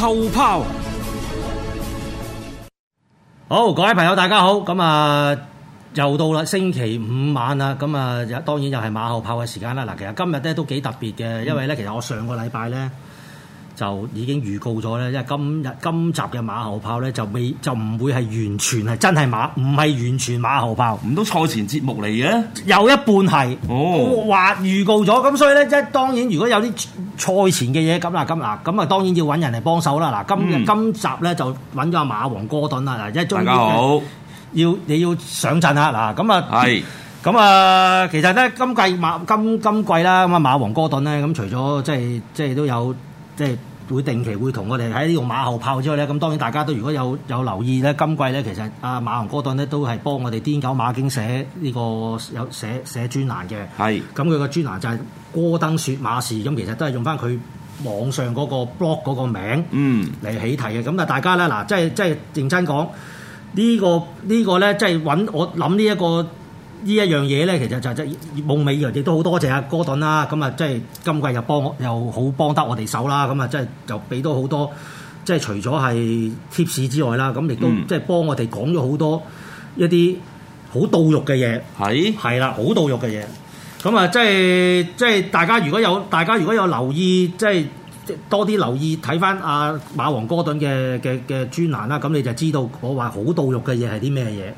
後炮，好，各位朋友大家好，咁啊又到啦星期五晚啦，咁啊當然又係馬後炮嘅時間啦。嗱，其實今日咧都幾特別嘅，因為咧其實我上個禮拜咧。就已經預告咗咧，因為今日今集嘅馬後炮咧就未就唔會係完全係真係馬，唔係完全馬後炮，唔到賽前節目嚟嘅，有一半係。哦，話預告咗，咁所以咧，即係當然如果有啲賽前嘅嘢，咁啊咁啊，咁啊當然要搵人嚟幫手啦。嗱，今日今集咧就搵咗阿馬王哥頓啦，嗱，即係中間要你要上陣啦。嗱，咁啊是，係，咁啊，其實咧今季馬今今季啦，咁啊馬王哥頓咧，咁除咗即係即係都有即係。會定期會同我哋喺呢度馬後砲之後咧，咁當然大家都如果有有留意咧，今季咧其實阿馬王哥頓咧都係幫我哋癲狗馬經寫呢、這個有寫寫專欄嘅。係是。咁佢個專欄就係、是、哥登雪馬事，咁其實都係用翻佢網上嗰個 blog 嗰個名，嗯，嚟起題嘅。咁但大家咧嗱，即係即係認真講呢、這個這個呢個咧，即係揾我諗呢一個。呢一樣嘢咧，其實就即夢寐以求，亦都好多謝阿哥頓啦。咁啊，即係今季又幫我又好幫得我哋手啦。咁啊，即係就俾多好多，即係除咗係貼士之外啦，咁亦都即係幫我哋講咗好多一啲好到肉嘅嘢。係係啦，好到肉嘅嘢。咁啊，即係即係大家如果有大家如果有留意，即係多啲留意睇返阿馬王哥頓嘅嘅嘅專欄啦，咁你就知道我話好到肉嘅嘢係啲咩嘢。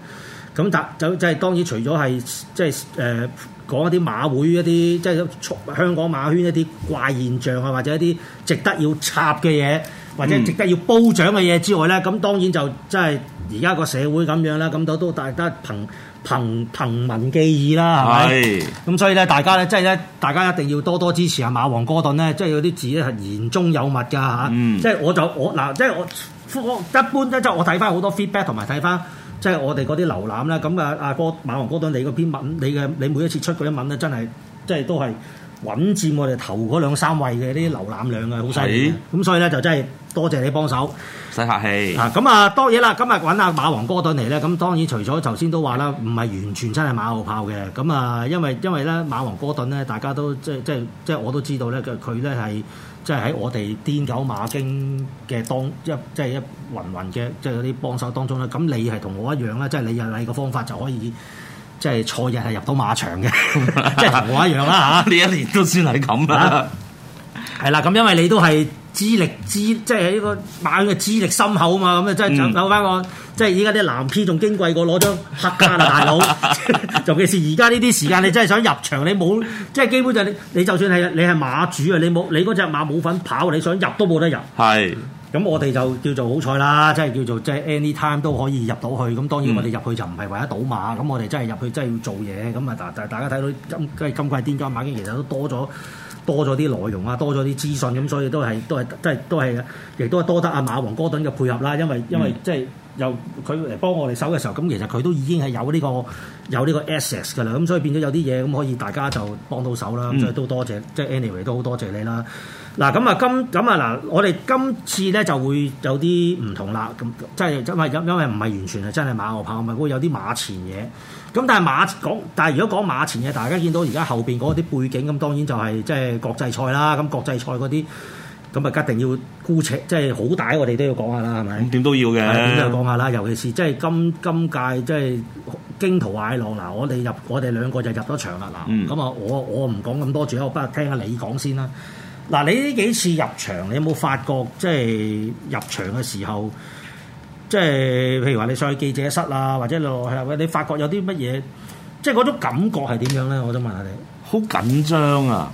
咁特就即係當然除，除咗係即係誒講一啲馬會一啲即係香港馬圈一啲怪現象啊，或者一啲值得要插嘅嘢，或者值得要褒獎嘅嘢之外咧，咁、嗯、當然就即係而家個社會咁樣啦，咁都都是 大家憑憑憑民記義啦，係咪？咁所以咧，大家咧即係一大家一定要多多支持下馬王哥頓咧，即係有啲字咧係言中有物㗎嚇、嗯。即係我就我嗱，即係我一般咧，即係我睇翻好多 feedback 同埋睇翻。即係我哋嗰啲瀏覽啦。咁啊啊馬哥馬，馬王哥頓，你嗰篇文，你嘅你每一次出嗰啲文咧，真係即係都係穩佔我哋頭嗰兩三位嘅啲瀏覽量嘅，好犀利嘅。咁所以咧就真係多謝你幫手，唔使客氣。嗱咁啊多嘢啦，今日揾阿馬王哥頓嚟咧，咁當然除咗頭先都話啦，唔係完全真係馬後炮嘅。咁啊，因為因為咧馬王哥頓咧，大家都即即即我都知道咧，佢佢咧係。即係喺我哋癲狗馬經嘅當一即係一雲雲嘅即係嗰啲幫手當中咧，咁你係同我一樣啦，即係你有你個方法就可以即係賽日係入到馬場嘅， 即係同我一樣啦嚇！呢 一年都算係咁啦，係啦， 咁因為你都係資歷資即係喺個馬嘅資歷深厚啊嘛，咁啊真係走翻我。嗯即係依家啲藍 P 仲矜貴過攞張黑卡啊，大佬！ 尤其是而家呢啲時間，你真係想入場，你冇即係基本上你你就算係你係馬主啊，你冇你嗰隻馬冇份跑，你想入都冇得入。係是，咁、嗯、我哋就叫做好彩啦，即係叫做即係 anytime 都可以入到去。咁當然我哋入去就唔係為咗賭馬，咁、嗯、我哋真係入去真係要做嘢。咁啊，大大家睇到今今季天價馬經，其實都多咗多咗啲內容啊，多咗啲資訊咁，所以都係都係即係都係亦都係多得阿馬王哥頓嘅配合啦，因為因為即係。嗯又佢嚟幫我哋手嘅時候，咁其實佢都已經係有呢、這個有呢個 access 㗎啦，咁所以變咗有啲嘢咁可以大家就幫到手啦，咁、嗯、所以都多謝即係 anyway 都好多謝你啦。嗱咁啊今咁啊嗱，我哋今次咧就會有啲唔同啦，咁即係因為因因唔係完全係真係馬後炮，咪會有啲馬前嘢。咁但係馬講，但係如果講馬前嘢，大家見到而家後邊嗰啲背景，咁當然就係、是、即係國際賽啦。咁國際賽嗰啲。咁啊，就一定要姑且，即係好歹，我哋都要講下啦，係咪？咁點都要嘅，點都要講下啦。尤其是即係今今屆即係驚濤駭浪嗱，我哋入我哋兩個就入咗場啦嗱。咁啊、嗯，我我唔講咁多住啦，不如聽下你講先啦。嗱，你呢幾次入場，你有冇發覺即係入場嘅時候，即係譬如話你上去記者室啊，或者落去你發覺有啲乜嘢，即係嗰種感覺係點樣咧？我想問下你。好緊張啊！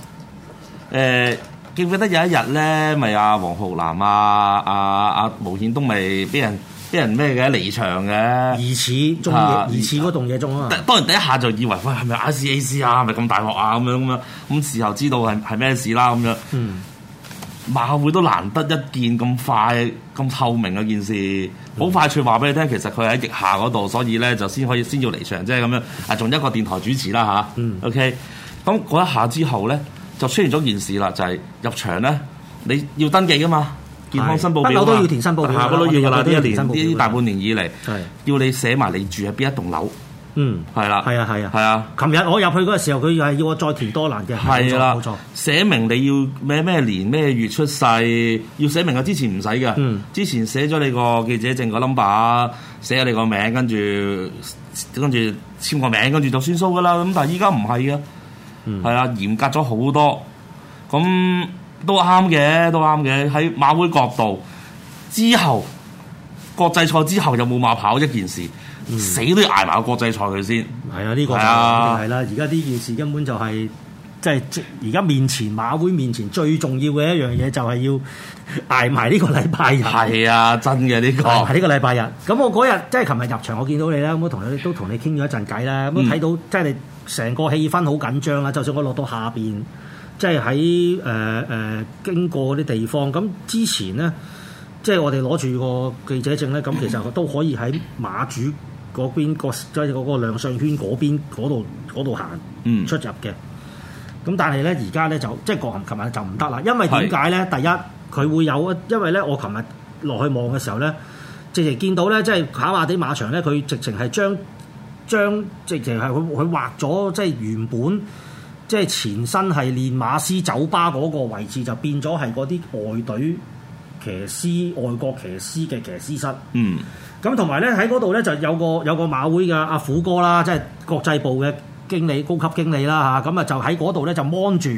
誒、欸。記唔記得有一日咧，咪阿黃浩南啊、阿、啊、阿、啊、毛健東咪俾人俾人咩嘅離場嘅？疑似中疑似嗰棟嘢中啊！當然第一下就以為喂係咪 I C A C 啊？係咪咁大鑊啊？咁樣咁樣咁，事後知道係係咩事啦咁樣。嗯，馬會都難得一見咁快咁透明嘅件事，好快脆話俾你聽。嗯、其實佢喺極下嗰度，所以咧就先可以先要離場，即係咁樣。啊，仲一個電台主持啦吓 OK，咁嗰一下之後咧。就出現咗件事啦，就係入場咧，你要登記噶嘛？健康申報表嘛？都要填申報表啦。下個月又啦，呢一年、呢大半年以嚟，要你寫埋你住喺邊一棟樓。嗯，係啦。係啊，係啊，係啊。琴日我入去嗰個時候，佢又係要我再填多欄嘅。係啦，冇錯，寫明你要咩咩年咩月出世，要寫明嘅。之前唔使嘅，之前寫咗你個記者證個 number，寫咗你個名，跟住跟住簽個名，跟住就算數噶啦。咁但係依家唔係啊。係、嗯、啊，嚴格咗好多，咁都啱嘅，都啱嘅。喺馬會角度之後，國際賽之後有冇馬跑一件事，嗯、死都要捱埋個國際賽佢先。係啊，呢、呢個係啦，而家呢件事根本就係、係。即係而家面前馬會面前最重要嘅一樣嘢，就係要捱埋呢個禮拜日。係啊，真嘅呢、呢個係呢個禮拜日。咁我嗰日即係琴日入場，我見到你啦，咁樣同你都同你傾咗一陣偈啦，咁樣睇到、嗯、即係你成個氣氛好緊張啦。就算我落到下邊，即係喺誒誒經過啲地方，咁之前咧，即係我哋攞住個記者證咧，咁其實都可以喺馬主嗰邊即係嗰個亮相圈嗰邊嗰度度行，嗯、出入嘅。咁但係咧，而家咧就即係郭鴻，琴日就唔得啦。因為點解咧？第一，佢會有，因為咧，我琴日落去望嘅時候咧，直情見到咧，即係跑馬地馬場咧，佢直情係將將直情係佢佢劃咗，即係原本即係前身係練馬師酒吧嗰個位置，就變咗係嗰啲外隊騎師、外國騎師嘅騎師室。嗯。咁同埋咧，喺嗰度咧就有個有個馬會嘅阿虎哥啦，即係國際部嘅。經理、高級經理啦嚇，咁啊就喺嗰度咧就芒住，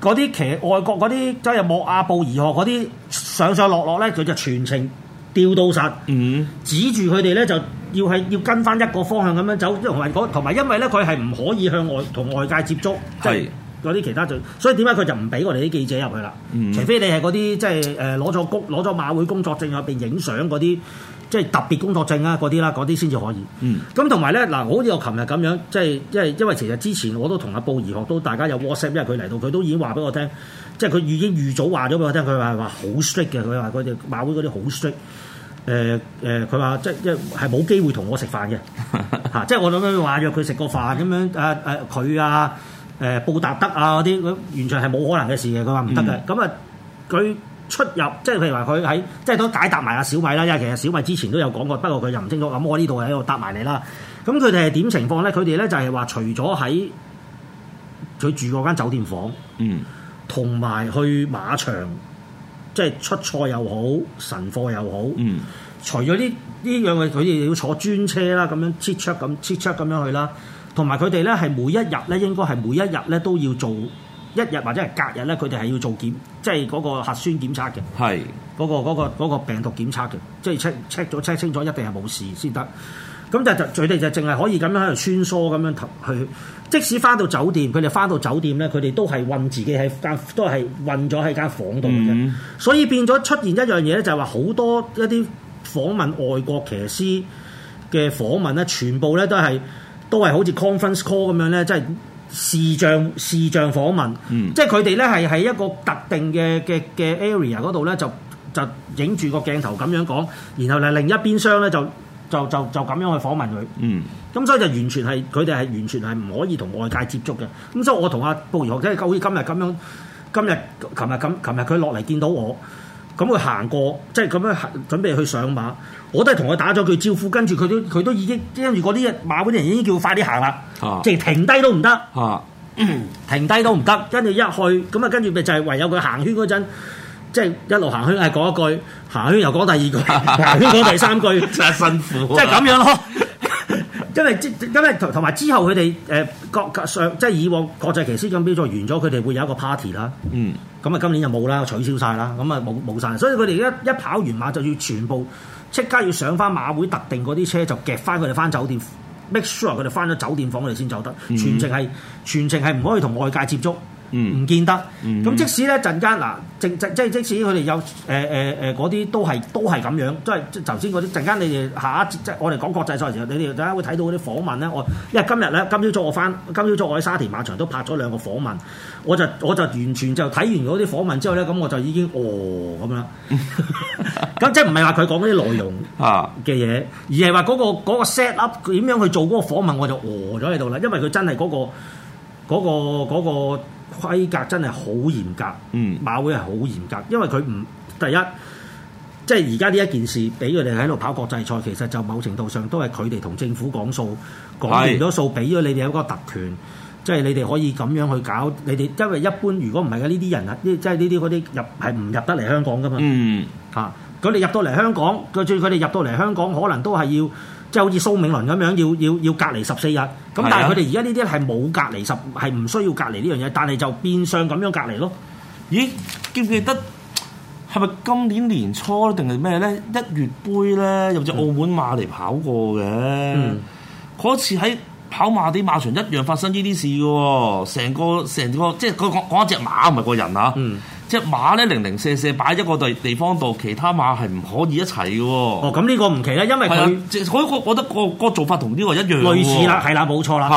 嗰啲、嗯、騎外國嗰啲即係莫阿布兒學嗰啲上上落落咧，佢就全程吊到實，嗯、指住佢哋咧就要係要跟翻一個方向咁樣走，即係同埋因為咧佢係唔可以向外同外界接觸，即係嗰啲其他就，所以點解佢就唔俾我哋啲記者入去啦？嗯、除非你係嗰啲即係誒攞咗公攞咗馬會工作證入邊影相嗰啲。即係特別工作證啊，嗰啲啦，嗰啲先至可以。嗯。咁同埋咧，嗱，好似我琴日咁樣，即係，即係，因為其實之前我都同阿、啊、布兒學都大家有 WhatsApp，因為佢嚟到，佢都已經話俾我聽，即係佢已經預早話咗俾我聽，佢話話好 strict 嘅，佢話佢哋馬會嗰啲好 strict。誒、呃、誒，佢、呃、話即係即冇機會同我食飯嘅、 啊。即係我諗緊話約佢食個飯咁樣，誒誒佢啊，誒、啊啊啊、布達德啊嗰啲，完全係冇可能嘅事嘅。佢話唔得嘅。咁啊、嗯，佢。出入即係譬如話佢喺即係都解答埋阿小米啦，因為其實小米之前都有講過，不過佢又唔清楚，咁我呢度喺度答埋你啦。咁佢哋係點情況咧？佢哋咧就係話，除咗喺佢住嗰間酒店房，嗯，同埋去馬場，即係出賽又好、神駒又好，嗯，除咗呢呢樣嘢，佢哋要坐專車啦，咁樣 cheap 出咁 cheap 出咁樣去啦，同埋佢哋咧係每一日咧，應該係每一日咧都要做。一日或者係隔日咧，佢哋係要做檢，即係嗰個核酸檢測嘅，嗰是的、個嗰個嗰個病毒檢測嘅，即係 check check 咗 check 清楚，一定係冇事先得。咁就就佢哋就淨係可以咁樣喺度穿梭咁樣去，即使翻到酒店，佢哋翻到酒店咧，佢哋都係困自己喺間，都係困咗喺間房度嘅。Mm hmm. 所以變咗出現一樣嘢咧，就係話好多一啲訪問外國騎師嘅訪問咧，全部咧都係都係好似 conference call 咁樣咧，即係。視像視像訪問，嗯、即係佢哋咧係喺一個特定嘅嘅嘅 area 嗰度咧，就就影住個鏡頭咁樣講，然後咧另一邊廂咧就就就就咁樣去訪問佢。咁、嗯、所以就完全係佢哋係完全係唔可以同外界接觸嘅。咁所以我同阿布如即係好似今日咁樣，今日、琴日咁，琴日佢落嚟見到我。咁佢行過，即係咁樣準備去上馬，我都係同佢打咗句招呼，跟住佢都佢都已經跟住嗰啲馬嗰啲人已經叫快啲、啊、行啦、啊，即係停低都唔得，停低都唔得，跟住一去咁啊，跟住咪就係唯有佢行圈嗰陣，即係一路行圈係講、哎、一句，行圈又講第二句， 行圈講第三句， 真係辛苦、啊，即係咁樣咯。因為，因為之因為同同埋之後佢哋誒國上，即係以往國際騎師錦標賽完咗，佢哋會有一個 party 啦。嗯，咁啊今年就冇啦，取消晒啦。咁啊冇冇曬，所以佢哋一一跑完馬就要全部即刻要上翻馬會特定嗰啲車，就夾翻佢哋翻酒店，make sure 佢哋翻咗酒店房，佢哋先走得。全程係、嗯、全程係唔可以同外界接觸。唔唔見得，咁、嗯嗯、即使咧陣間嗱，即即即即使佢哋有誒誒誒嗰啲都係都係咁樣，即係頭先嗰啲陣間你哋下一即係我哋講國際賽時候，你哋大家會睇到嗰啲訪問咧，我因為今日咧今朝早我翻今朝早我喺沙田馬場都拍咗兩個訪問，我就我就完全就睇完嗰啲訪問之後咧，咁我就已經哦咁樣，咁 即係唔係話佢講嗰啲內容嘅嘢，而係話嗰個 set up 點樣去做嗰個訪問，我就哦咗喺度啦，因為佢真係嗰、嗰個。嗰、嗰個嗰、嗰個、規格真係好嚴格，嗯、馬會係好嚴格，因為佢唔第一，即係而家呢一件事俾佢哋喺度跑國際賽，其實就某程度上都係佢哋同政府講數，講完咗數，俾咗你哋一個特權，即係是 你哋可以咁樣去搞你哋，因為一般如果唔係嘅呢啲人些些、嗯、啊，即係呢啲嗰啲入係唔入得嚟香港㗎嘛，嚇！佢哋入到嚟香港，佢最佢哋入到嚟香港，可能都係要。就好似蘇銘倫咁樣要要要隔離十四日，咁但係佢哋而家呢啲係冇隔離十，係唔需要隔離呢樣嘢，但係就變相咁樣隔離咯。咦？記唔記得係咪今年年初定係咩咧？一月杯咧有隻澳門馬嚟跑過嘅，嗰、嗯、次喺跑馬地馬場一樣發生呢啲事嘅，成個成個即係講講一隻馬唔係個人啊！嗯即係馬咧零零四四擺一個地地方度，其他馬係唔可以一齊嘅喎。哦，咁呢個唔奇啦，因為佢即係我我覺得個個做法同呢個一樣，哦、類似啦，係啦，冇錯啦。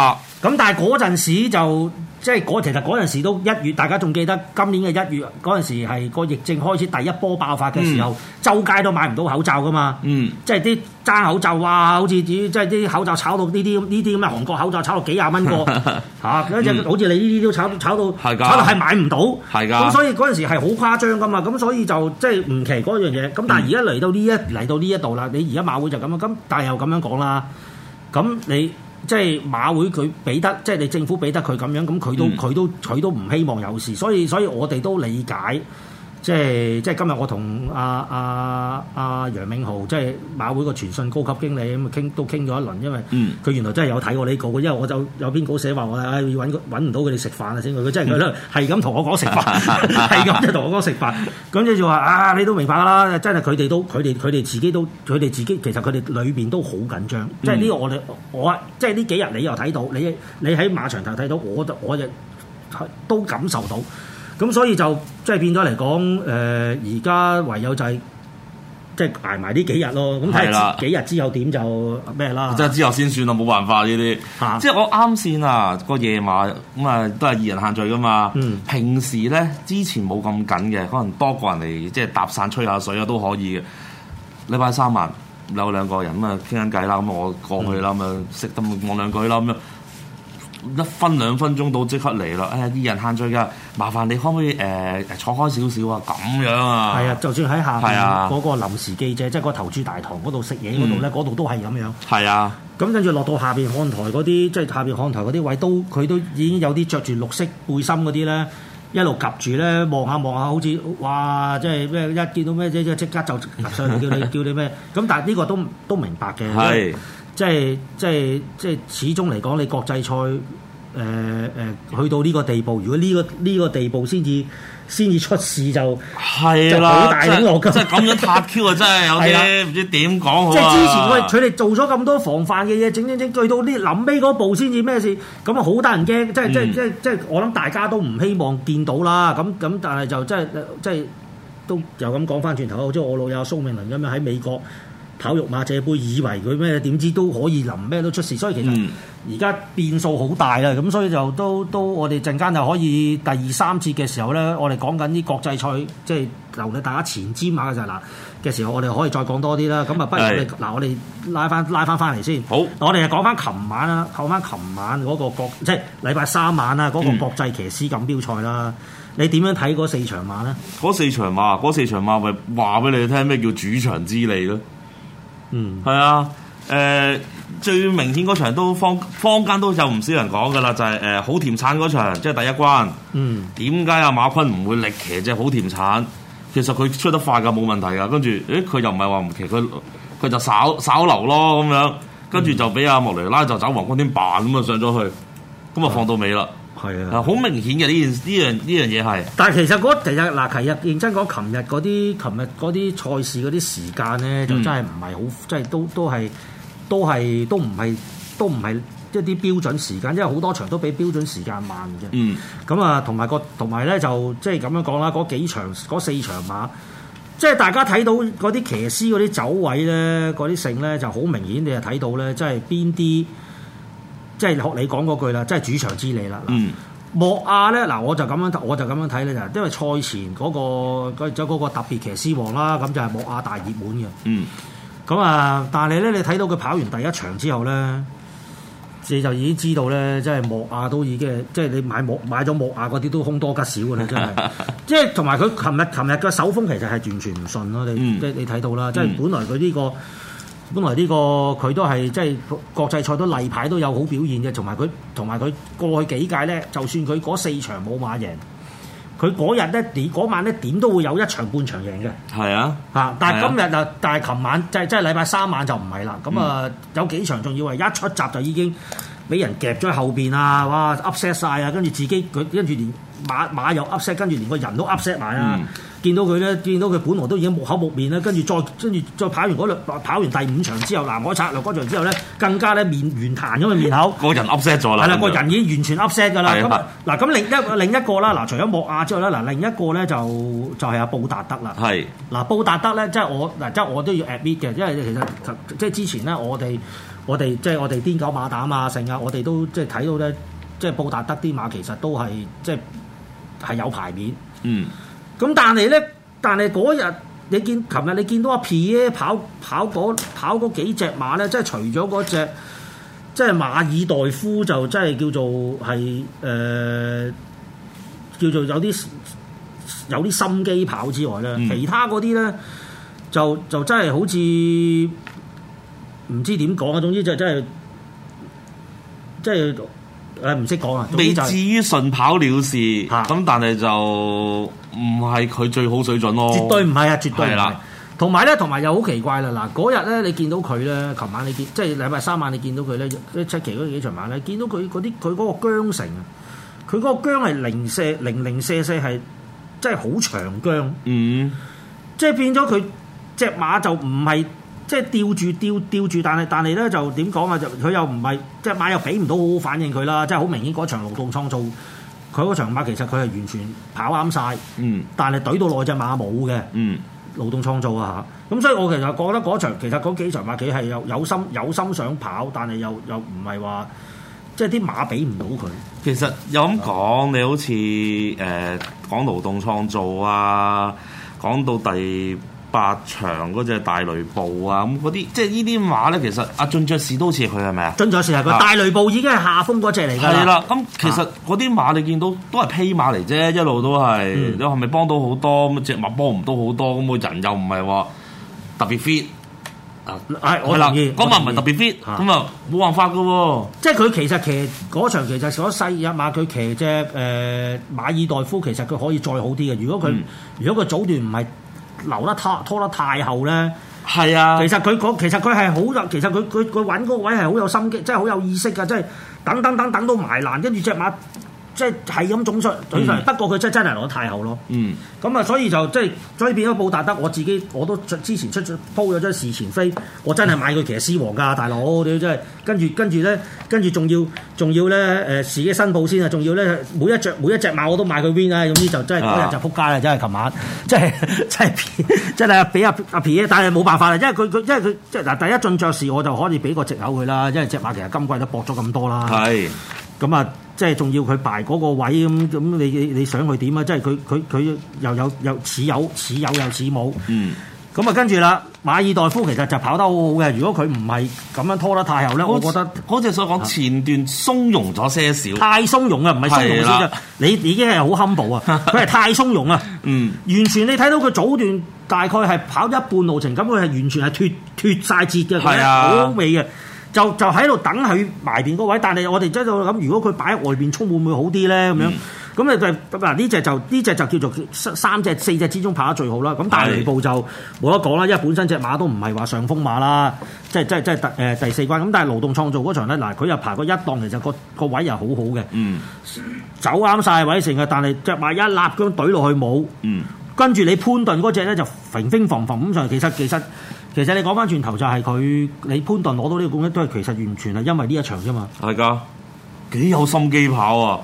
咁是的 但係嗰陣時就。即係其實嗰陣時都一月，大家仲記得今年嘅一月嗰陣時係個疫症開始第一波爆發嘅時候，周、嗯、街都買唔到口罩㗎嘛。嗯即、啊，即係啲爭口罩哇，好似即係啲口罩炒到呢啲呢啲咁嘅韓國口罩炒到幾廿蚊個吓、 嗯啊，好似你呢啲都炒炒到，係㗎的，買唔到，係咁是的 所以嗰陣時係好誇張㗎嘛，咁所以就即係唔奇嗰樣嘢。咁但係而家嚟到呢一嚟到呢一度啦，你而家馬會就咁樣，咁但係又咁樣講啦，咁你。即係馬會佢俾得，即係你政府俾得佢咁樣，咁佢都佢、嗯、都佢都唔希望有事，所以所以我哋都理解。即係即係今日我同阿阿阿楊銘豪，即係馬會個傳訊高級經理咁啊傾，都傾咗一輪。因為佢原來真係有睇過呢個，因為我就有篇稿寫話我啊要揾唔到佢哋食飯啊先，佢、嗯、真係佢咧係咁同我講食飯，係咁同我講食飯。咁你就話啊，你都明白啦，真係佢哋都佢哋佢哋自己都佢哋自己，其實佢哋裏邊都好緊張。嗯、即係呢個我哋我即係呢幾日你又睇到你你喺馬場頭睇到，我我亦都感受到。咁所以就即係變咗嚟講，誒而家唯有就係、是、即係捱埋呢幾日咯。咁睇下幾日之後點就咩啦？即係之後先算啦，冇辦法呢啲。即係我啱先啊，剛剛啊那個夜晚咁啊、嗯，都係二人限聚噶嘛。嗯、平時咧之前冇咁緊嘅，可能多個人嚟即係搭訕吹下水啊都可以嘅。禮拜三晚有兩個人咁啊傾緊偈啦，咁我過去啦咁啊識得望兩句啦咁樣。一分兩分鐘到即刻嚟啦！唉，啲人慳咗㗎，麻煩你可唔可以誒誒坐開少少啊？咁樣啊，係啊，就算喺下邊嗰個臨時機啫，即係個投注大堂嗰度食嘢嗰度咧，嗰度都係咁樣。係啊，咁跟住落到下邊看台嗰啲，即係下邊看台嗰啲位都佢都已經有啲着住綠色背心嗰啲咧，一路及住咧望下望下，好似哇！即係咩一見到咩即即即刻就上嚟叫你叫你咩？咁但係呢個都都明白嘅。係。即係即係即係始終嚟講，你國際賽誒誒、呃呃、去到呢個地步，如果呢個呢個地步先至先至出事就係啦，好大鑊㗎即係咁樣打 Q 啊，真係有啲唔知點講好啊！即係之前我佢哋做咗咁多防範嘅嘢，整整整，去到啲臨尾嗰步先至咩事，咁啊好得人驚！即係、嗯、即係即係即係我諗大家都唔希望見到啦。咁咁，但係就即係即係都又咁講翻轉頭，即係我老友蘇明倫咁樣喺美國。跑肉馬借杯以為佢咩，點知都可以臨咩都出事，所以其實而家變數好大啦。咁、嗯、所以就都都，我哋陣間就可以第二三節嘅時候咧，我哋講緊啲國際賽，即係留俾大家前瞻下嘅就係嗱嘅時候，時候我哋可以再講多啲啦。咁啊，不如我哋嗱是，我哋拉翻拉翻翻嚟先。好我，我哋就講翻琴晚啦，講翻琴晚嗰個國即係禮拜三晚啦，嗰個國際騎師錦標賽啦，嗯、你點樣睇嗰四場馬咧？嗰四場馬，嗰四場馬咪話俾你聽咩叫主場之利咯。嗯，係啊，誒最明顯嗰場都坊坊間都有唔少人講噶啦，就係誒好甜橙嗰場，即係第一關。嗯，點解阿馬坤唔會力騎隻好甜橙？其實佢出得快噶，冇問題噶。跟住，誒佢又唔係話唔騎佢，佢就稍稍流咯咁樣。跟住就俾阿莫雷拉就走黃光天辦咁啊上咗去，咁啊放到尾啦。係啊！嗱，好明顯嘅呢件呢樣呢樣嘢係。但係其實嗰日嗱，其實認真講，琴日嗰啲琴日啲賽事嗰啲時間咧，嗯、就真係唔係好，即係都都係都係都唔係都唔係一啲標準時間，因為好多場都比標準時間慢嘅。嗯。咁啊，同埋個同埋咧，就即係咁樣講啦。嗰幾場嗰四場馬，即係大家睇到嗰啲騎師嗰啲走位咧，嗰啲性咧就好明顯，你係睇到咧，即係邊啲。即係學你講嗰句啦，即係主場之利啦。嗯、莫亞咧，嗱我就咁樣，我就咁樣睇咧就，因為賽前嗰、嗰個，佢、嗰個特別騎師王啦，咁就係莫亞大熱門嘅。咁啊、嗯，但係咧，你睇到佢跑完第一場之後咧，你就已經知道咧，即係莫亞都已經，即係你買，買莫買咗莫亞嗰啲都凶多吉少嘅，真係。 即係同埋佢琴日琴日嘅手風其實係完全唔順咯，你、嗯、即係你睇到啦，嗯、即係本來佢呢、呢個。本來呢、呢個佢都係即係國際賽都例牌都有好表現嘅，同埋佢同埋佢過去幾屆呢，就算佢嗰四場冇馬贏，佢嗰日呢，點嗰晚呢點都會有一場半場贏嘅。係啊，嚇是、啊！但係今日啊，但係琴晚即係即禮拜三晚就唔係啦。咁啊，嗯、有幾場仲要啊，一出閘就已經。俾人夾咗喺後邊啊！哇，upset 晒啊！跟住自己佢跟住連馬馬又 upset，跟住連個人都 upset 埋啊！見到佢咧，見到佢本來都已經木口木面啦，跟住再跟住再跑完嗰兩跑完第五場之後，嗱我一擦落嗰場之後咧，更加咧面圓彈咁嘅面口。個人 upset 咗啦。係啦，個人已經完全 upset 㗎啦。係啦是的。嗱咁另一另一個啦，嗱除咗莫亞之外咧，嗱另一個咧就就係阿布達德啦。係。嗱布達德咧，即係我嗱即係我都要 admit 嘅，因為其實即係之前咧，我哋。我哋即係我哋癲狗馬膽啊！成日我哋都即係睇到咧，即係布達德啲馬其實都係即係係有牌面。嗯。咁但係咧，但係嗰日你見琴日你見到阿皮耶跑跑嗰跑嗰幾隻馬咧，即係除咗嗰隻，即係馬爾代夫就真係叫做係誒、呃、叫做有啲有啲心機跑之外咧，嗯、其他嗰啲咧就就真係好似。唔知點講啊，總之就真係，真係誒唔識講啊。未至於順跑了事，咁但係就唔係佢最好水準咯。絕對唔係啊，絕對唔係。同埋咧，同埋又好奇怪啦！嗱，嗰日咧你見到佢咧，琴晚你見，即係禮拜三晚你見到佢咧，即係七期嗰幾場馬咧，見到佢嗰啲佢嗰個疆城啊，佢嗰個疆係零射，零零四四係真係好長疆。嗯，即係變咗佢隻馬就唔係。即係吊住吊吊住，但係但係咧就點講啊？就佢又唔係即係馬又俾唔到好好反應佢啦。即係好明顯嗰場勞動創造，佢嗰場馬其實佢係完全跑啱晒，嗯，但係懟到內隻馬冇嘅。嗯，勞動創造啊嚇。咁所以我其實覺得嗰場其實嗰幾場馬幾係有有心有心想跑，但係又又唔係話即係啲馬俾唔到佢。其實又咁講，嗯、你好似誒、呃、講勞動創造啊，講到第八場嗰隻大雷暴啊，咁嗰啲即係呢啲馬咧，其實阿進爵士都好似佢係咪啊？進爵士係佢。大雷暴，已經係下風嗰隻嚟㗎。係啦，咁其實嗰啲馬你見到都係披馬嚟啫，一路都係，你係咪幫到好多？咁隻馬幫唔到好多，咁個人又唔係話特別 fit 啊？係我同意，嗰個唔係特別 fit，咁啊冇辦法㗎喎。即係佢其實騎嗰場其實坐細日馬，佢騎隻誒馬爾代夫，其實佢可以再好啲嘅。如果佢如果個組段唔係留得太拖得太後咧，係是啊其，其實佢講其實佢係好有，其實佢佢佢揾嗰位係好有心機，即係好有意識噶，即係等等等等到埋欄，跟住隻馬。即係係咁總上總上，嗯、不過佢真真係攞太後咯。嗯，咁啊，所以就即、是、係，所以變咗布達德。我自己我都之前出咗鋪咗張事前飛，我真係買佢騎師王㗎，大佬你真係。跟住跟住咧，跟住仲要仲要咧誒，自己新報先啊，仲要咧每一隻每一隻馬我都買佢 win 啊，總之就真係嗰日就撲街啦，真係琴、啊、晚，真係真係真係俾阿阿皮嘅，但係冇辦法啦，因為佢佢因為佢即係嗱，第一進爵士我就可以俾個藉口佢啦，因為隻馬其實今季都搏咗咁多啦。係。 咁啊在裡面，即係仲要佢排嗰個位咁，咁你你想佢點啊？即係佢佢佢又有有似有，似有，似，有似有又似冇。嗯。咁啊，跟住啦，馬爾代夫其實就跑得好好嘅。如果佢唔係咁樣拖得太後咧，喔、我覺得好似你所講前段鬆容容鬆容咗些少。太鬆容啊，唔係鬆容先啫。你已經係好堪步啊！佢係 太鬆容啊。嗯。Um、完全你睇到佢早段大概係跑一半路程，咁佢係完全係脫脫曬節嘅，好尾嘅。就就喺度等佢埋邊嗰位，但係我哋即係到咁，如果佢擺喺外邊充會唔會好啲咧？咁樣咁誒，咁嗱呢隻就呢隻就叫做三隻四隻之中排得最好啦。咁大雷步就冇得講啦，因為本身隻馬都唔係話上風馬啦，即係即係即係第誒第四關。咁但係勞動創造嗰場咧，嗱佢又排過一檔，其實個個位又好好嘅，走啱晒位成嘅，但係著埋一粒姜懟落去冇，跟住你潘頓嗰隻咧就揈揈防防咁上，其實其實。其實你講翻轉頭就係、是、佢，你潘頓攞到呢個冠軍都係其實完全係因為呢一場啫嘛。係噶，大家幾有心機跑啊！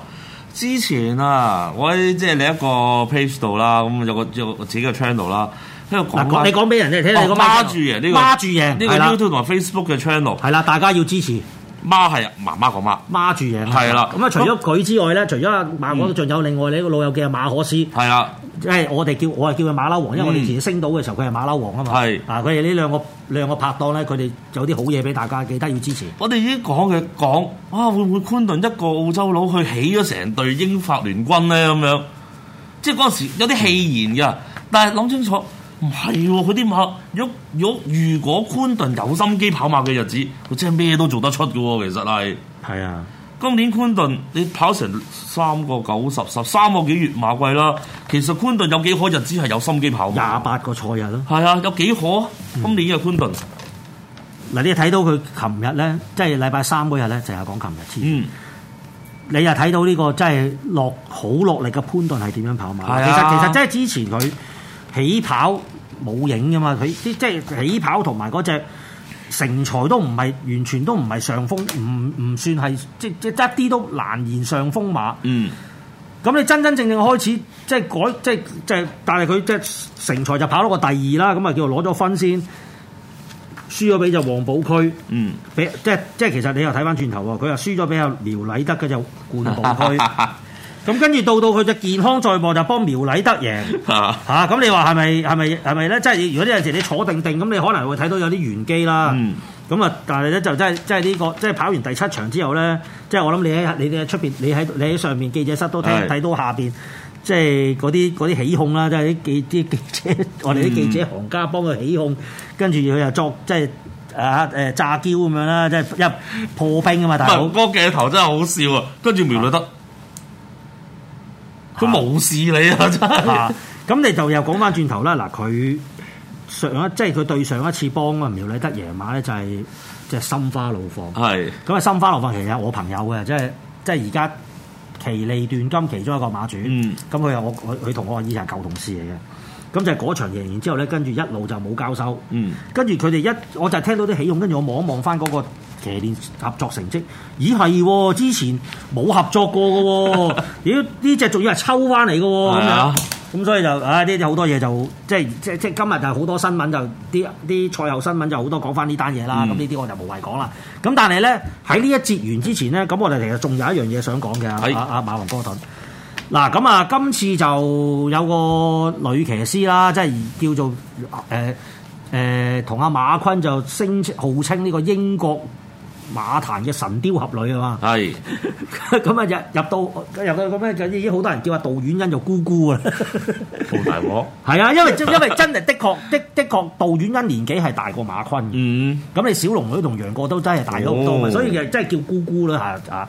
之前啊，我喺即係你一個 page 度啦，咁、嗯、有個有自己嘅 channel 啦。嗱、啊，你講俾人哋聽，你講孖住嘢，呢個孖住嘢，呢名名個 YouTube 同埋 Facebook 嘅的 channel。係啦，大家要支持。媽係啊，媽媽講媽，媽，媽住嘢。係啦，咁啊的、嗯，除咗佢之外咧，除咗阿馬我都仲有另外呢個老友叫阿馬可思。係啦的，即係、哎、我哋叫，我係叫佢馬騮王，因為我哋以前升到嘅時候，佢係馬騮王啊嘛。係，嗱，佢哋呢兩個兩個拍檔咧，佢哋有啲好嘢俾大家，記得要支持。我哋已經講嘅講，啊，會唔會昆頓一個澳洲佬去起咗成隊英法聯軍咧？咁樣，即係嗰陣時有啲戲言㗎，但係諗清楚。唔係喎，佢啲、啊、馬喐喐。如果寬頓有心機跑馬嘅日子，佢真係咩都做得出嘅喎、啊。其實係。係啊。今年寬頓，你跑成三個九十十三個幾月馬季啦。其實寬頓有幾可日子係有心機跑馬。廿八個賽日咯。係啊，有幾可、嗯、今年嘅寬頓。嗱，你睇到佢琴日咧，即係禮拜三嗰日咧，嗯、就係講琴日先。嗯。你又睇到呢個即係落好落力嘅寬頓係點樣跑馬？係啊、其實其實即係之前佢。起跑冇影噶嘛，佢啲即係起跑同埋嗰隻成才都唔係完全都唔係上風，唔唔算係即即一啲都難言上風馬。嗯，咁你真真正正開始即係改即係即係，但係佢隻成才就跑到個第二啦，咁啊叫攞咗分先，輸咗俾隻黃寶區。嗯，俾即即其實你又睇翻轉頭喎，佢又輸咗俾阿苗禮德嘅隻冠寶區。 咁跟住到到佢嘅健康在望，就幫苗禮德贏吓，咁你話係咪係咪係咪咧？即係如果呢陣時你坐定定，咁你可能會睇到有啲玄機啦。咁啊，但係咧就真係真係呢個，即係跑完第七場之後咧，即係我諗你喺你嘅出邊，你喺你喺上面記者室都睇睇到下邊，即係嗰啲啲起哄啦，即係啲記啲記者，記者 我哋啲記者行家幫佢起哄，嗯、跟住佢又作即係啊誒詐嬌咁樣啦，即係一破冰啊嘛。但係嗰鏡頭真係好笑啊！跟住苗禮德。啊 佢無視你啊！真係，咁你就又講翻轉頭啦。嗱，佢上一即係佢對上一次幫啊苗禮德贏馬咧，就係，就係即係心花怒放。係，咁啊心花怒放其實我朋友嘅，即係即係而家其利斷金其中一個馬主。嗯，嗯，咁佢係我我佢同我以前舊同事嚟嘅。咁就係嗰場贏完之後咧，跟住一路就冇交收。嗯跟，跟住佢哋一我就聽到啲起用，跟住我望一望翻嗰個。騎練合作成績，咦係喎，之前冇合作過嘅喎，呢隻仲要係抽翻嚟嘅喎，咁啊， 咁所以就啊呢啲好多嘢就即係即即，即，即，即，即，即今日就好多新聞就啲啲賽後新聞就好多講翻呢單嘢啦，咁呢啲我就無謂講啦。咁但係咧喺呢一節完之前咧，咁我哋其實仲有一樣嘢想講嘅，阿阿的、啊、馬王哥頓，嗱咁啊，今次就有個女騎師啦，即係叫做誒誒同阿馬坤就聲號稱呢個英國。馬壇嘅神雕俠侶啊嘛，係咁啊入入到入到咁咩就已經好多人叫阿杜婉欣做姑姑啊，好大鑊，係啊，因為 因為真係的確的的確，杜婉欣年紀係大過馬坤嘅，咁、嗯、你小龍女同楊過都真係大咗好多啊，哦、所以嘅真係叫姑姑啦嚇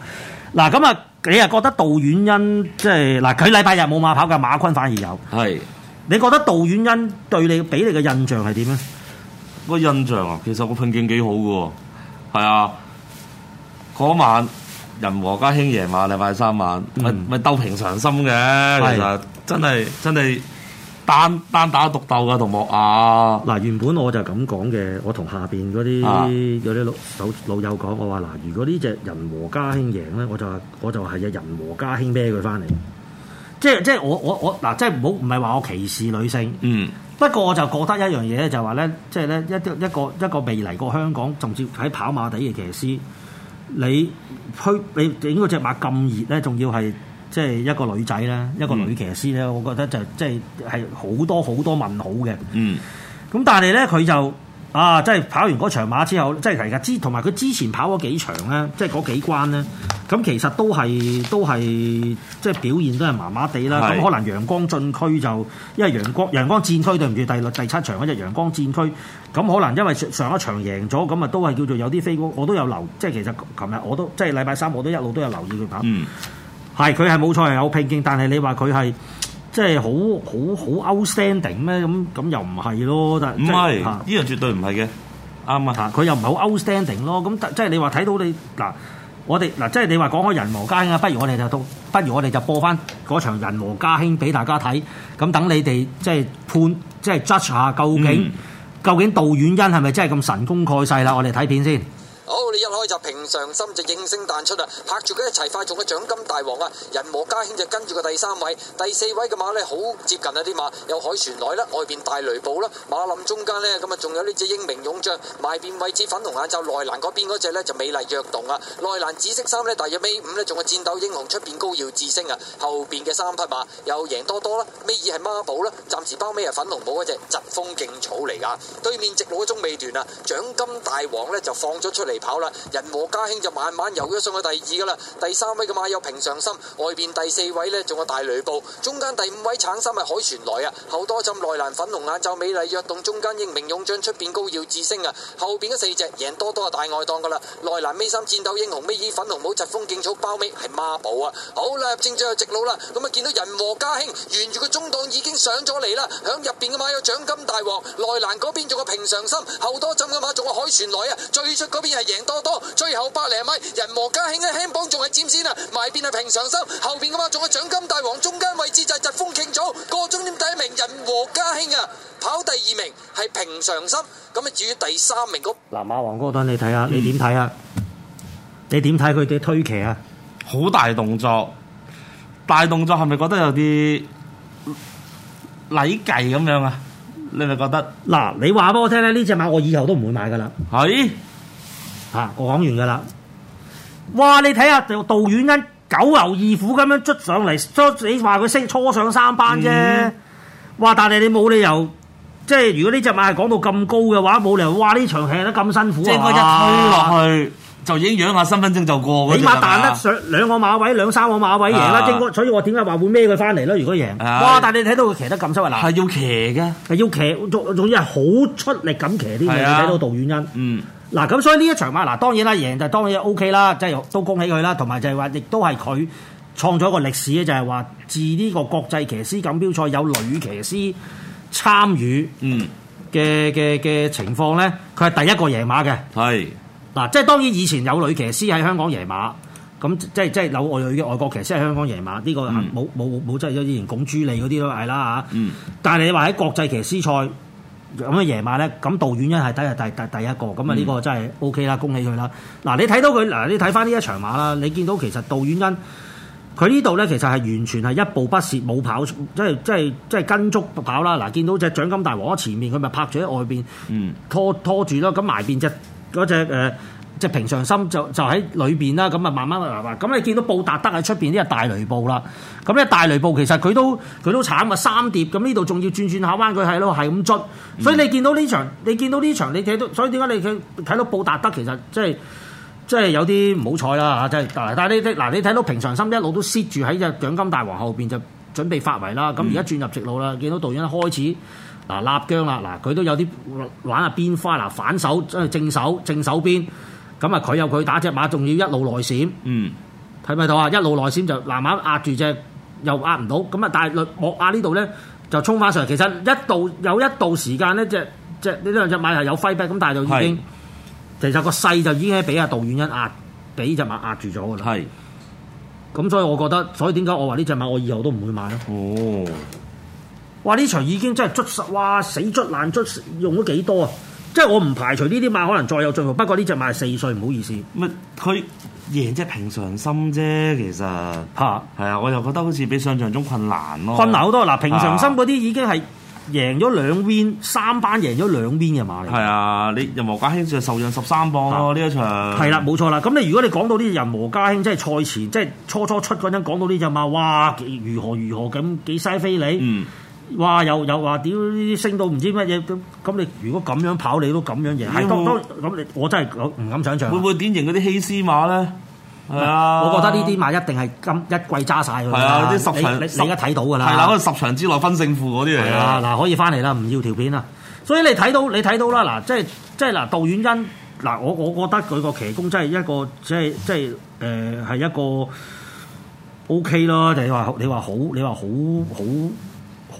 嗱咁啊，你又覺得杜婉欣即係嗱佢禮拜日冇馬跑嘅，馬坤反而有，係的你覺得杜婉欣對你俾你嘅印象係點咧？個印象啊，其實個拼勁幾好嘅喎，係啊。嗰晚人和家興贏嘛，禮拜三晚係咪鬥平常心嘅，係啊、其實真係真係單單打獨鬥噶，同學啊。嗱，原本我就咁講嘅，我同下邊嗰啲啲老老友講，我話嗱，如果呢隻人和家興贏咧，我就話我就係有人和家興孭佢翻嚟，即即我我我嗱，即唔好唔係話我歧視女性，嗯，不過我就覺得一樣嘢咧，就係話咧，即咧一一個一個,一個未嚟過香港，甚至喺跑馬地嘅騎師。你去你整嗰隻馬咁熱咧，仲要係即係一個女仔咧，一個女騎師咧，嗯、我覺得就即係係好多好多問號嘅。嗯，咁但係咧佢就。啊！即係跑完嗰場馬之後，即係嚟日之同埋佢之前跑嗰幾場咧，即係嗰幾關咧，咁其實都係都係即係表現都係麻麻地啦。咁是可能陽光進區就因為陽光陽光戰區對唔住第六第七場嗰隻陽光戰區，咁可能因為上一場贏咗，咁啊都係叫做有啲飛高。我都有留，即係其實琴日我都即係禮拜三我都一路都有留意佢跑。係佢係冇錯係有拼勁，但係你話佢係。即係好好好 outstanding 咩？咁咁又唔係咯，但係唔係？呢樣是絕對唔係嘅，啱啊！嚇，佢又唔係好 outstanding 咯。咁即係你話睇到你嗱，我哋嗱，即係你話講開人和家興啊，不如我哋就到，不如我哋就播翻嗰場人和家興俾大家睇。咁等你哋即係判，即係 judge 下究竟、嗯、究竟杜遠欣係咪真係咁神功蓋世啦？我哋睇片先。好，你一開就平常心就應聲彈出啦、啊，拍住佢一齊快仲個獎金大王啊！人和家興就跟住個第三位、第四位嘅馬呢，好接近啊！啲馬有海船來啦，外邊大雷暴啦、啊，馬林中間呢，咁啊，仲有呢隻英明勇將，外邊位置粉紅眼罩，內欄嗰邊嗰隻咧就美麗躍動啊！內欄紫色衫呢，大約尾五呢，仲係戰鬥英雄，出邊高耀智星啊！後邊嘅三匹馬又贏多多啦，尾二係孖寶啦，暫時包尾係粉紅寶嗰隻疾風勁草嚟噶，對面直路嗰宗未斷啊！獎金大王呢，就放咗出嚟。嚟跑啦！仁和嘉興就慢慢游咗上去第二噶啦，第三位嘅馬有平常心，外邊第四位呢仲有大呂布，中間第五位橙衫係海泉來啊，後多針內蘭粉紅眼罩美麗躍動，中間英明勇將出邊高耀智星啊，後邊嗰四隻贏多多係大外檔噶啦，內蘭尾三戰鬥英雄尾衣粉紅帽疾風勁草包尾係孖寶啊，好啦，正正係直路啦，咁啊見到人和嘉興沿住個中檔已經上咗嚟啦，響入邊嘅馬有獎金大王，內蘭嗰邊仲有平常心，後多針嘅馬仲有海泉來啊，最出嗰邊贏多多，最後百零米，人和家興嘅輕磅仲係佔先啊！埋邊係平常心，後邊噶嘛仲有獎金大王，中間位置就疾風勁草個終點第一名人和家興啊，跑第二名係平常心，咁啊至於第三名嗰，嗱馬王哥，等你睇下，你點睇啊？嗯、你點睇佢啲推騎啊？好大動作，大動作係咪覺得有啲禮計咁樣啊？你咪覺得嗱、啊？你話俾我聽咧，呢隻馬我以後都唔會買噶啦，係。啊！我講完噶啦。哇！你睇下杜杜遠恩九牛二虎咁樣捉上嚟，你話佢升初上三班啫。嗯、哇！但係你冇理由，即係如果呢隻馬係講到咁高嘅話，冇理由哇！呢場騎得咁辛苦啊嘛！一推落去、啊、就已經養下身份證就過。起碼彈得上兩個馬位、兩三個馬位贏啦！啊、正哥，所以我點解話會孭佢翻嚟咧？如果贏、啊、哇！但係你睇到佢騎得咁出力嗱，係要騎嘅，係要騎，仲仲之係好出力咁騎啲嘢。啊、你睇到杜遠恩嗯。嗱，咁所以呢一場馬，嗱當然啦，贏就當然 OK 啦，即係都恭喜佢啦，同埋就係話，亦都係佢創咗一個歷史咧，就係話自呢個國際騎師錦標賽有女騎師參與嘅嘅嘅情況咧，佢係第一個贏馬嘅。係嗱是，即係當然以前有女騎師喺香港贏馬，咁即係即係有外、女嘅外國騎師喺香港贏馬，呢個冇冇冇即係以前拱珠利嗰啲咯，係啦嚇。嗯。但係你話喺國際騎師賽。咁嘅夜晚咧，咁杜婉欣係睇係第第第一個，咁啊呢個真係 OK 啦，恭喜佢啦！嗱，你睇到佢嗱，你睇翻呢一場馬啦，你見到其實杜婉欣，佢呢度咧，其實係完全係一步不蝕，冇跑，即係即係即係跟足跑啦！嗱，見到隻獎金大王喺前面，佢咪拍住喺外邊，嗯，拖拖住咯，咁埋邊隻隻誒。即係平常心就就喺裏邊啦，咁啊慢慢慢慢。咁你見到布達德喺出邊呢個大雷暴啦，咁咧大雷暴其實佢都佢都慘啊，三疊。咁呢度仲要轉轉下彎，佢係咯係咁捽，所以你見到呢場、嗯、你見到呢場你睇到，所以點解你佢睇到布達德其實即係即係有啲唔好彩啦嚇，即係但係你你嗱你睇到平常心一路都 sit 住喺隻獎金大王後邊就準備發圍啦，咁而家轉入直路啦，見到導演開始嗱立僵啦，嗱佢都有啲玩下邊花嗱，反手即係正手正手邊。咁啊，佢有佢打隻馬，仲要一路內閃，嗯，睇咪到啊？一路內閃就嗱嗱壓住隻，又壓唔到，咁啊，但係莫亞呢度咧就衝翻上嚟。其實一度有一度時間咧，只只呢兩隻馬係有輝炳，咁但係就已經，是 其實個勢就已經俾阿杜苑欣壓，俾隻馬壓住咗噶啦。係，咁所以我覺得，所以點解我話呢隻馬我以後都唔會買囉。哦，哇！呢場已經真係捽實，哇！死捽爛捽，用咗幾多啊？即係我唔排除呢啲馬可能再有進步，不過呢隻馬係四歲，唔好意思。乜佢贏即係平常心啫，其實吓，係啊，啊，我就覺得好似比想像中困難咯、啊。困難好多嗱，啊、平常心嗰啲已經係贏咗兩邊、啊、三班，贏咗兩邊嘅馬。係啊，你和任和嘉興就受讓十三磅咯、啊，呢、啊、一場。係啦、啊，冇錯啦。咁你如果你講到呢隻任和嘉興，即係賽前即係初初出嗰陣講到呢隻馬，哇！如何如何咁幾嘥飛你。嗯哇！又又話屌呢啲升到唔知乜嘢咁，咁你如果咁樣跑，你都咁樣贏係為都都咁，你我真係唔敢想像會唔會典型嗰啲希斯馬咧？係啊，我覺得呢啲馬一定係今一季揸晒佢，係啲十場，你而家睇到㗎啦係啦！嗰、那個、十場之內分勝負嗰啲嚟啊！嗱可以翻嚟啦，唔要條片啊！所以你睇到你睇到啦嗱，即係即係嗱，杜遠恩嗱，我我覺得佢個騎功真係一個即係即係誒係一個 OK 啦！定話你話好你話好好。好，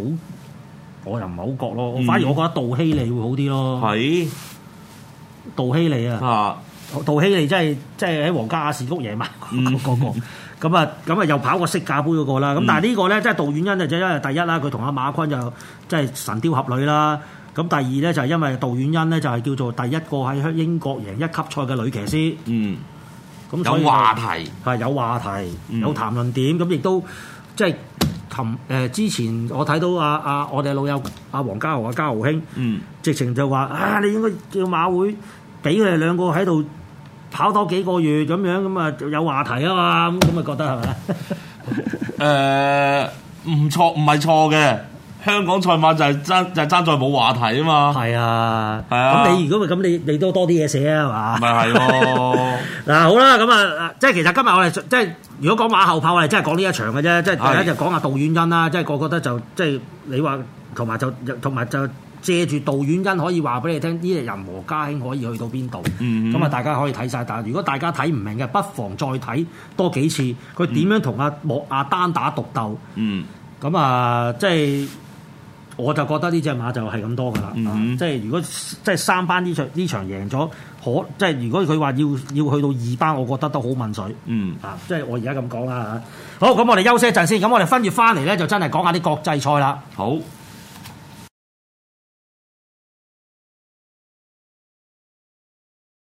我又唔係好覺咯，嗯、反而我覺得杜希利會好啲咯。係是，杜希利啊，啊杜希利真、就、係、是，即係喺皇家阿士谷贏嘛。嗰個，咁啊，咁啊又跑過色價杯嗰個啦。咁、嗯、但係呢個咧，即係杜婉欣啊，因係第一啦。佢同阿馬坤就即係神雕俠侶啦。咁第二咧就係因為杜婉欣咧就係叫做第一個喺英國贏一級賽嘅女騎師。嗯，咁有話題係有話題，嗯、有談論點，咁亦都即係。琴誒、呃、之前我睇到阿阿、啊啊、我哋老友阿黃、啊、家豪阿家豪兄，嗯、直情就話啊，你應該叫馬會俾佢哋兩個喺度跑多幾個月咁樣，咁啊有話題啊嘛，咁咁啊覺得係咪啊？唔、 呃、錯，唔係錯嘅。香港賽馬就係爭就係、是、爭在冇話題啊嘛，係啊，係是啊。咁你如果咪咁，你你都多啲嘢寫是是啊嘛， 咪係喎。嗱好啦，咁啊，即係其實今日我哋即係如果講馬後炮，我哋真係講呢一場嘅啫。即係大家就講下杜遠欣啦，即係我覺得就即係你話同埋就同埋就借住杜遠欣可以話俾你聽，呢啲人和家興可以去到邊度。咁啊、嗯嗯，大家可以睇晒，但係如果大家睇唔明嘅，不妨再睇多幾次，佢點樣同阿莫阿單打獨鬥。咁啊、嗯呃，即係。我就覺得呢隻馬就係咁多噶啦、mm hmm. 啊，即係如果即係三班呢場呢場贏咗。可即係如果佢話要要去到二班，我覺得都好問水。嗯、mm hmm. 啊，啊，即係我而家咁講啦嚇。好，咁我哋休息一陣先，咁我哋分住翻嚟咧，就真係講下啲國際賽啦。好。